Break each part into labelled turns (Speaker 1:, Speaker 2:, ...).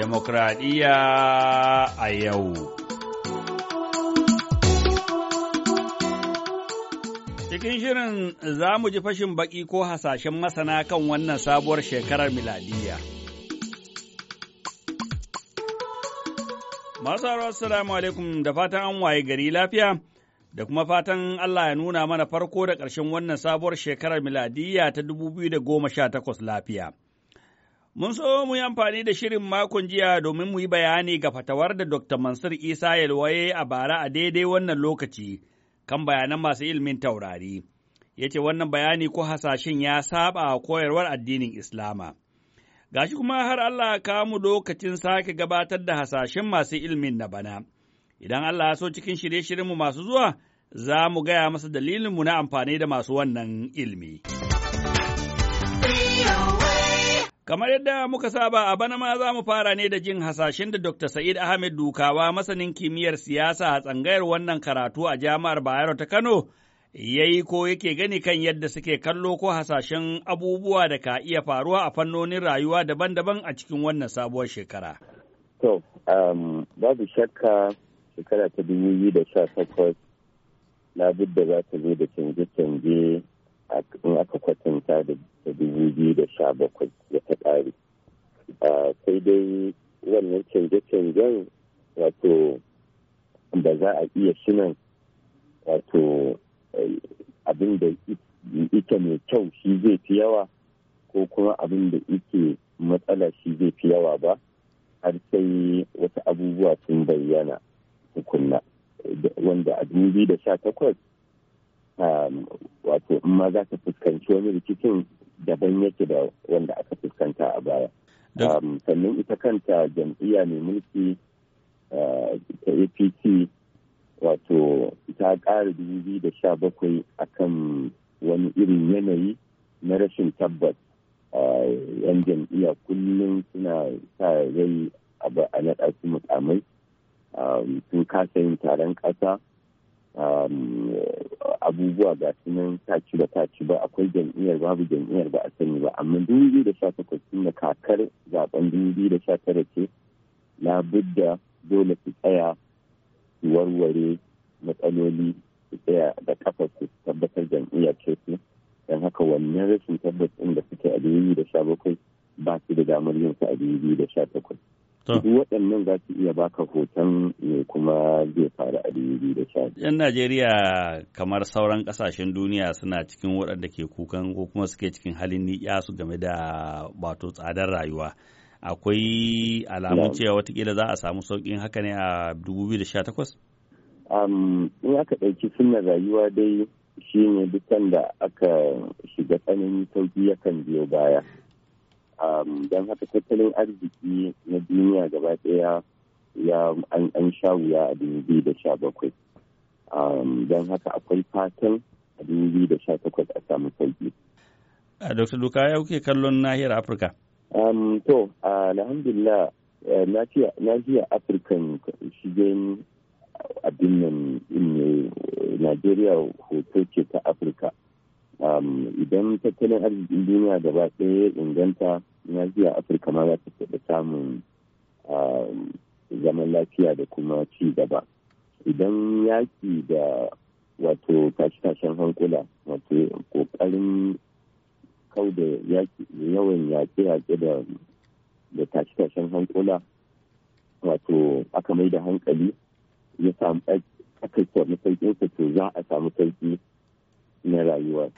Speaker 1: Demokradiyya a yau. Cikin shirin za mu ji fashin baƙi ko hasashen masana kan wannan sabuwar shekarar miladiyya. Masu assalamu alaikum da fatan an waye gari lafiya, da kuma fatan Allah ya nuna mana farko da ƙarshen wannan sabuwar shekarar miladiya ta dubu da goma sha 2018 lafiya. Mun so mu yi amfani da shirin makon jiya domin mu yi bayani ga fatawar da Dr. Mansur Isa Yalwaye a bara a daidai wannan lokaci kan bayanan masu ilimin taurari. Ya ce wannan bayani ko hasashen ya saba koyarwar addinin Islama. Gashi kuma har Allah ka mu lokacin sake gabatar da hasashen masu ilimin na bana. Idan Allah ya so cikin shirye-shiryenmu masu zuwa, za mu gaya masa dalilinmu na amfani da masu wannan ilimi. Kamar yadda muka saba a bana ma za mu fara ne da jin hasashen da Dr. Sa'id Ahmed Dukawa masanin kimiyyar siyasa a tsangayar wannan karatu a Jami'ar Bayero ta Kano ya yi ko yake gani kan yadda suke kallo ko hasashen abubuwa da ka iya faruwa a fannonin rayuwa daban-daban a cikin wannan sabuwar shekara.
Speaker 2: To, um, babu shakka shekara ta dubu biyu da takwas da za ta zo da canje-canje in aka kwatanta da dubu biyu da sha bakwai da ta ƙare sai dai wannan canje-canjen wato da za a iya sunan wato eh, abin da ita mai kyau shi zai fi yawa ko kuma abin da ike matsala shi zai fi yawa ba har sai wata abubuwa sun bayyana tukunna wanda a dubu da Um, wato in ma za ka fuskanci wani rikicin daban yake da wanda aka fuskanta a baya um, sannan ita kanta jam'iyya mai mulki uh, ta apc wato ta ƙara bakwai a kan wani irin yanayi na rashin tabbas uh, yan jam'iyya kullum suna sa rai a naɗa su mukamai um, sun kasa yin taron ƙasa Um, abubuwa ga su nan taci da taci ba akwai jam'iyyar babu jam'iyyar ba a sani ba amma dubu biyu da sha takwas da kakar zaben dubu biyu da sha tara ce labudda dole su tsaya su warware matsaloli su tsaya da kafa su tabbatar jam'iyyar ce su don haka wannan rashin tabbas ɗin da suke a dubu biyu da sha bakwai ba su da damar yin su a dubu biyu da sha takwas Duk waɗannan za su iya baka hoton ne kuma zai faru a dubu da sha
Speaker 1: Yan Najeriya kamar sauran ƙasashen duniya suna cikin waɗanda ke kukan ko kuma suke cikin halin ni'ya su game da wato tsadar rayuwa. Akwai alamun cewa watakila za a samu sauƙin haka ne a 2018?
Speaker 2: In aka ɗauki suna rayuwa dai shi ne dukkan da aka shiga tsananin sauƙi yakan biyo baya. Um, don haka tattalin arziki na duniya gaba ɗaya ya an sha wuya a 2017 um, don haka akwai fatan a 2018 a samu sauki.
Speaker 1: Uh, Dr. Duka ya kuke kallon nahiyar Afirka?
Speaker 2: Um, to, uh, alhamdulillah uh, nahiyar Afirkan shigen abin nan ne Najeriya hoto ce ta Afirka. idan tattalin arzikin duniya gaba ɗaya inganta na jiya afirka ma za ta taɓa samun um, zaman lafiya da kuma ci gaba idan yaki da wato tashen hankula wato kokarin kau da yawan da da tashen hankula wato aka mai da hankali ya samu aka samu to za a samu sarki na rayuwa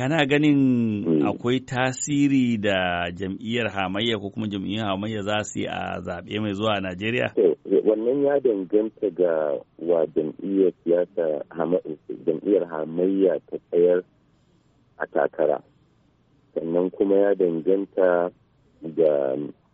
Speaker 1: kana ganin hmm. akwai tasiri da jam'iyyar hamayya ko kuma jam'iyyar hamayya za su yi a zaɓe mai zuwa a Najeriya?
Speaker 2: Wannan ya danganta ga wa jam'iyyar siyasa jam'iyyar hamayya ta tsayar a takara. Sannan kuma ya danganta ga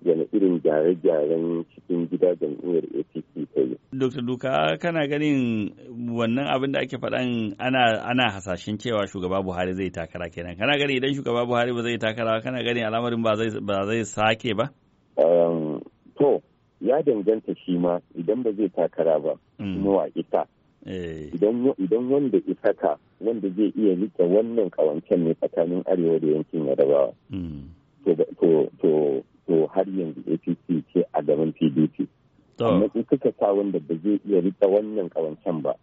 Speaker 2: yana irin gyare-gyaren cikin gida jam'iyyar apc ta
Speaker 1: yi. dr duka kana ganin wannan abin da ake faɗan ana ana hasashen cewa shugaba buhari zai takara kenan kana ganin idan shugaba buhari ba zai takara kana ganin al'amarin
Speaker 2: ba zai sake ba um, to ya danganta shi ma idan ba zai takara ba mm. kuma wa ita eh. idan wanda isaka wanda zai iya rike wannan kawancen ne tsakanin arewa da yankin yarabawa mm. to to har yanzu apc ce a gaban pdp amma in kuka sa wanda ba zai iya rika wannan kawancen ba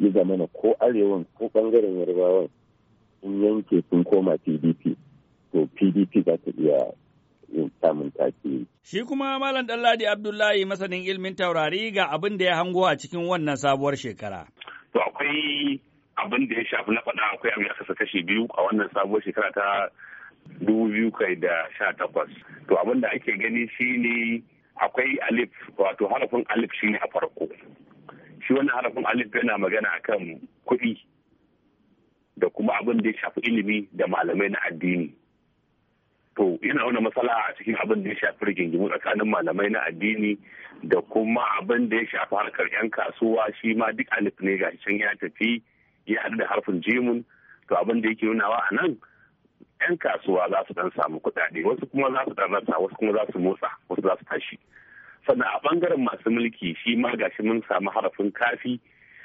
Speaker 2: yi zamana ko arewan ko bangaren yarbawan sun yanke sun koma pdp to pdp za ta iya yin samun tasiri.
Speaker 1: Shi kuma Malam Ɗanladi Abdullahi masanin ilmin taurari ga abin da ya hango a cikin wannan sabuwar shekara.
Speaker 3: To akwai abin da ya shafi na faɗa akwai abin da kashi biyu a wannan sabuwar shekara ta 2018 kai da sha takwas to abin da ake gani shine akwai alif wato harafin alif shine a farko shi wannan harafin alif yana magana akan kuɗi da kuma abin da ya shafi ilimi da malamai na addini to yana wani matsala a cikin abin da ya shafi rigingimu tsakanin malamai na addini da kuma abin da ya shafi harkar 'yan kasuwa shi ma duk alif ne ga can ya tafi ya haɗu da harfin jimun to abin da yake nunawa a nan 'yan kasuwa za su dan samu kuɗaɗe wasu kuma za su dan rasa wasu kuma za su motsa wasu za su tashi sannan a bangaren masu mulki shi ma gashi mun samu harafin kafi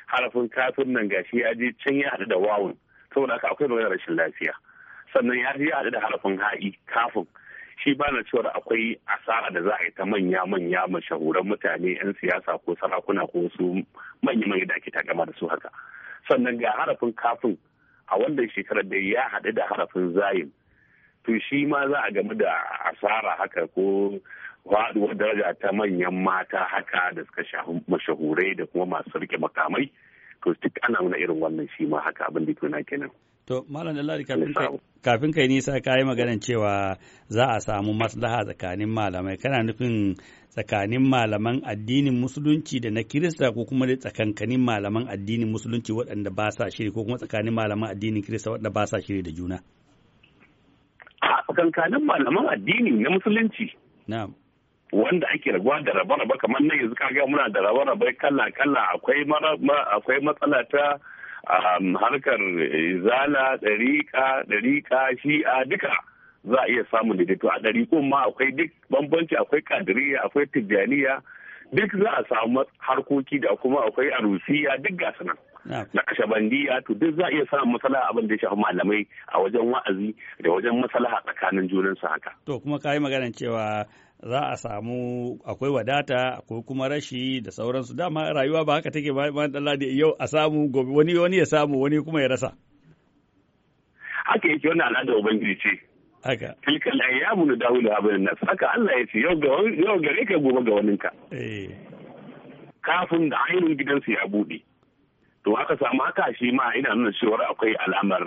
Speaker 3: harafin kafin nan gashi ya je can ya haɗu da wawun saboda haka akwai maganar rashin lafiya sannan ya je ya haɗu da harafin ha'i kafin shi ba na cewa akwai asara da za a yi ta manya manya mashahuran mutane 'yan siyasa ko sarakuna ko wasu manya manya da ake takama da su haka sannan ga harafin kafin a wannan shekarar da ya haɗu da harafin zayin to shi ma za a gamu da asara haka ko faɗuwar daraja ta manyan mata haka da suka shafi mashahurai da kuma masu rike makamai to duk ana nuna irin wannan shi ma haka abin da kenan.
Speaker 1: To, Malam Dallari, kafin kai nisa ka yi maganin cewa za a samu maslaha tsakanin malamai, kana nufin tsakanin malaman addinin musulunci da na Kirista ko kuma da tsakankanin malaman addinin musulunci waɗanda ba sa shiri ko kuma tsakanin malaman addinin Kirista waɗanda ba sa shiri da juna?
Speaker 3: tsakankanin malaman addini na musulunci. Na'am. wanda ake raguwa da rabe-rabe kamar na yanzu kaga muna da rabe-rabe kala-kala akwai matsala ta harkar izala ɗariƙa ɗariƙa shi'a duka za a iya samun daidaito a ɗariƙun ma akwai duk bambanci akwai kadiriya akwai tijjaniya duk za a samu harkoki da kuma akwai arusiya duk gasu nan na kashabandiya to duk za a iya samun matsala abin da ya shafi malamai a wajen wa'azi da wajen matsala tsakanin junansu haka.
Speaker 1: To kuma ka yi maganar cewa za a samu akwai wadata akwai kuma rashi da sauransu dama rayuwa ba haka take ba ban Allah da yau a samu gobe wani wani ya samu wani kuma
Speaker 3: ya rasa haka yake wannan al'ada ubangiji ce haka tilkal ayyamu da dawulu abin nan haka Allah ya ce yau ga yau gare ka gobe ga waninka eh kafin da ainihin gidansu ya bude to aka samu haka shi ma ina nuna cewa akwai alamar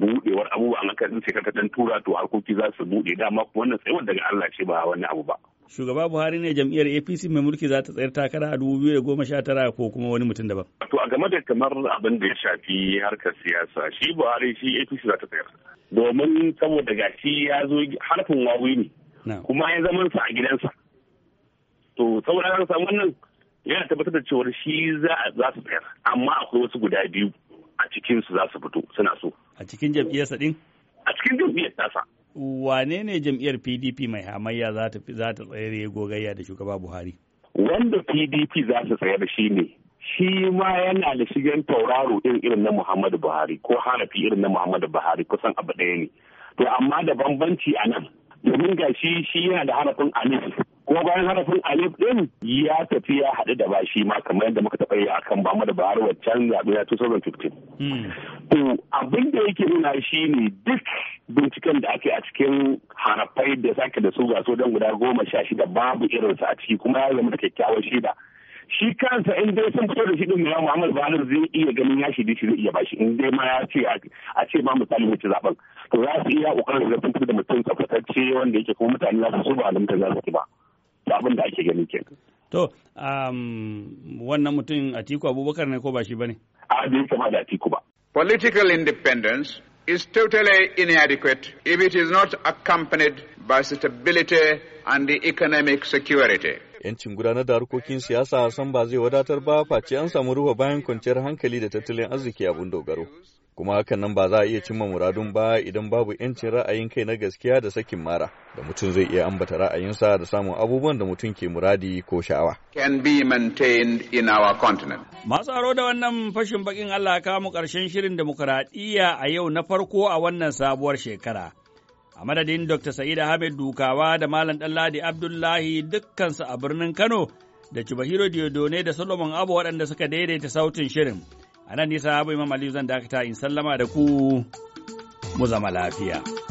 Speaker 3: budewar abubuwan aka ce ka dan tura to harkoki za su bude dama wannan tsayuwar daga Allah ce ba wani abu ba
Speaker 1: shugaba Buhari ne jam'iyyar APC mai mulki za ta tsayar takara a 2019 ko kuma wani mutum daban
Speaker 3: to a game da kamar abin da ya shafi harkar siyasa shi Buhari shi APC za ta tsayar domin saboda gashi ya zo harfin wawi ne kuma ya zaman sa a gidansa to saboda haka wannan yana tabbatar da cewar shi za su tsayar amma akwai wasu guda biyu a cikin su za su fito suna so a cikin sa din a cikin jam'iyyar sa.
Speaker 1: wane ne jam'iyyar PDP mai hamayya za ta za ta tsayar ya gogayya da shugaba Buhari
Speaker 3: wanda PDP za su tsayar shi ne shi ma yana da shigen tauraro irin irin na Muhammadu Buhari ko harafi irin na Muhammadu Buhari kusan abu ɗaya ne to amma da bambanci a nan domin ga shi shi yana da harafin alif kuma bayan harafin alif din ya tafi ya haɗu da bashi ma kamar yadda muka taɓa yi a kan bamu da bahar wancan zaɓe na 2015. Hmm. To abin da yake nuna shi ne duk binciken da ake a cikin harafai da sake da su gaso don guda goma sha shida babu irinsa a ciki kuma ya zama da kyakkyawan shida. shi kansa in dai sun fito da shi din ya Muhammad Buhari zai iya ganin ya shi shi zai iya bashi in dai ma ya ce a ce ma misali mace zaben to za su iya ƙoƙarin da fito da mutum tsaftatacce wanda yake kuma mutane za su so ba da mutane za su ba da abin da ake ganin kenan
Speaker 1: to um, wannan mutum Atiku Abubakar ne ko ba shi ne? a bai kama da Atiku
Speaker 2: ba political independence is totally inadequate if it is not accompanied by stability and the economic security.
Speaker 1: Yancin gudanar da harkokin siyasa san ba zai wadatar ba face an samu ruwa bayan kwanciyar hankali da tattalin arziki abun dogaro. kuma hakan nan ba za a iya cimma muradun ba idan babu yancin ra'ayin kai na gaskiya da sakin mara da mutum zai iya ambata ra'ayinsa da samun abubuwan da mutum ke muradi ko sha'awa.
Speaker 2: Can be maintained in our continent.
Speaker 1: Masu aro da wannan fashin bakin Allah ka mu karshen shirin demokuraɗiyya a yau na farko a wannan sabuwar shekara. A madadin Dr. Sa'id Ahmed Dukawa da Malam Ɗanladi Abdullahi dukkansu a birnin Kano da Cibahiro Diodone da Solomon Abu waɗanda suka daidaita sautin shirin. a nan nisa abu imam aliyu zan dakata in sallama da ku mu zama lafiya.